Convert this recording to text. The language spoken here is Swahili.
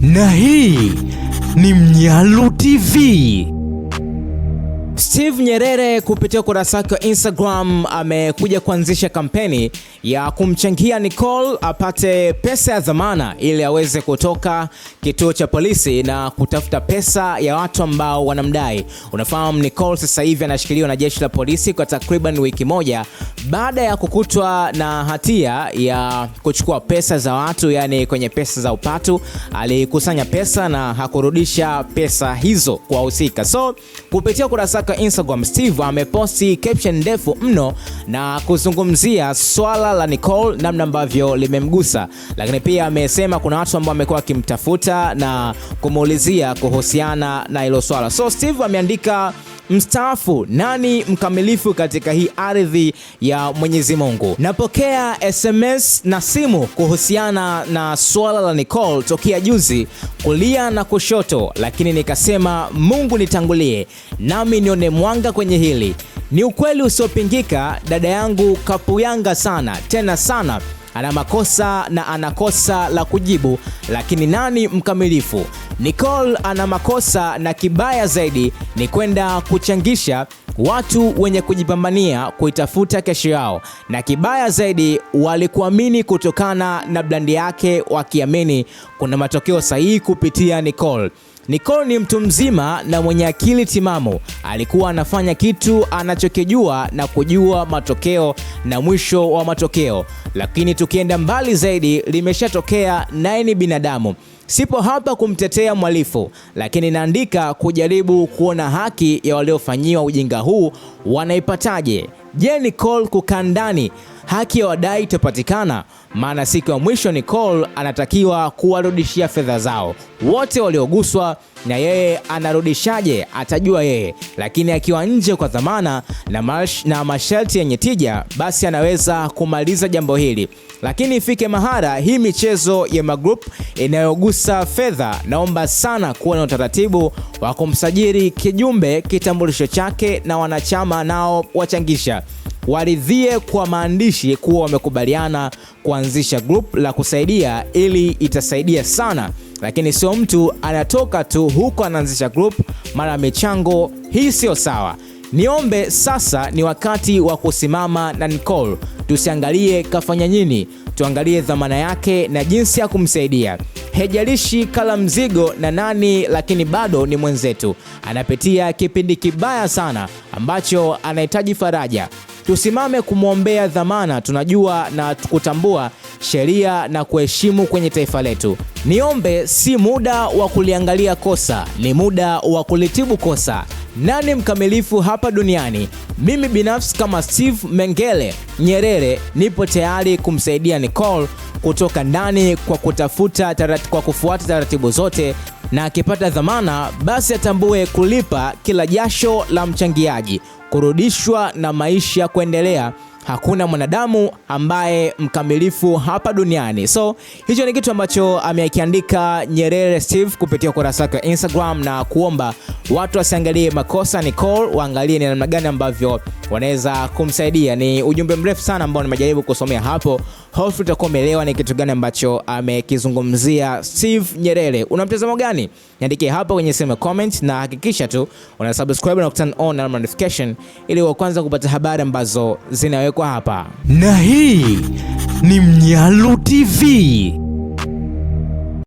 Na hii ni Mnyalu TV. Steve Nyerere kupitia ukurasa wake wa Instagram amekuja kuanzisha kampeni ya kumchangia Nicole apate pesa ya dhamana ili aweze kutoka kituo cha polisi na kutafuta pesa ya watu ambao wanamdai. Unafahamu Nicole sasa hivi anashikiliwa na jeshi la polisi kwa takriban wiki moja baada ya kukutwa na hatia ya kuchukua pesa za watu, yani kwenye pesa za upatu, alikusanya pesa na hakurudisha pesa hizo kwa wahusika. So kupitia kurasa kwa Instagram, Steve ameposti caption ndefu mno na kuzungumzia swala la Nicole, namna ambavyo limemgusa, lakini pia amesema kuna watu ambao wamekuwa wakimtafuta na kumuulizia kuhusiana na hilo swala. So Steve ameandika mstaafu, nani mkamilifu katika hii ardhi ya Mwenyezi Mungu? Napokea SMS na simu kuhusiana na suala la Nicole tokea juzi, kulia na kushoto, lakini nikasema Mungu nitangulie, nami nione mwanga kwenye hili. Ni ukweli usiopingika, dada yangu kapuyanga sana tena sana ana makosa na anakosa la kujibu, lakini nani mkamilifu? Nicole ana makosa na kibaya zaidi ni kwenda kuchangisha watu wenye kujipambania kuitafuta kesho yao, na kibaya zaidi walikuamini kutokana na blandi yake, wakiamini kuna matokeo sahihi kupitia Nicole. Nicole ni mtu mzima na mwenye akili timamu, alikuwa anafanya kitu anachokijua na kujua matokeo na mwisho wa matokeo, lakini tukienda mbali zaidi limeshatokea, naye ni binadamu. Sipo hapa kumtetea mwalifu lakini naandika kujaribu kuona haki ya waliofanyiwa ujinga huu wanaipataje. Je, Nicole kukaa ndani haki ya wadai itapatikana, maana siku ya mwisho Nicole anatakiwa kuwarudishia fedha zao wote walioguswa, na yeye anarudishaje atajua yeye, lakini akiwa nje kwa dhamana na, mash, na masharti yenye tija, basi anaweza kumaliza jambo hili, lakini ifike mahara hii michezo ya magroup inayogusa fedha, naomba sana kuwa na utaratibu wa kumsajili kijumbe, kitambulisho chake na wanachama nao wachangisha waridhie kwa maandishi kuwa wamekubaliana kuanzisha group la kusaidia, ili itasaidia sana, lakini sio mtu anatoka tu huko anaanzisha group mara michango hii sio sawa. Niombe sasa, ni wakati wa kusimama na Nicole, tusiangalie kafanya nini, tuangalie dhamana yake na jinsi ya kumsaidia. Hejalishi kala mzigo na nani, lakini bado ni mwenzetu, anapitia kipindi kibaya sana ambacho anahitaji faraja tusimame kumwombea dhamana. Tunajua na kutambua sheria na kuheshimu kwenye taifa letu. Niombe si muda wa kuliangalia kosa, ni muda wa kulitibu kosa. Nani mkamilifu hapa duniani? Mimi binafsi kama Steve Mengele Nyerere nipo tayari kumsaidia Nicole kutoka ndani kwa kutafuta tarati, kwa kufuata taratibu zote na akipata dhamana basi atambue kulipa kila jasho la mchangiaji, kurudishwa na maisha kuendelea. Hakuna mwanadamu ambaye mkamilifu hapa duniani. So hicho ni kitu ambacho amekiandika Nyerere Steve kupitia ukurasa wake wa Instagram na kuomba watu wasiangalie makosa ni call, waangalie ni namna gani ambavyo wanaweza kumsaidia. Ni ujumbe mrefu sana ambao nimejaribu kusomea hapo, hofu utakuwa umeelewa ni kitu gani ambacho amekizungumzia Steve Nyerere. Una mtazamo gani? Niandikie hapo kwenye sehemu ya comment, na hakikisha tu una subscribe na turn on alarm notification ili wa kwanza kupata habari ambazo zinawekwa hapa, na hii ni Mnyalu TV.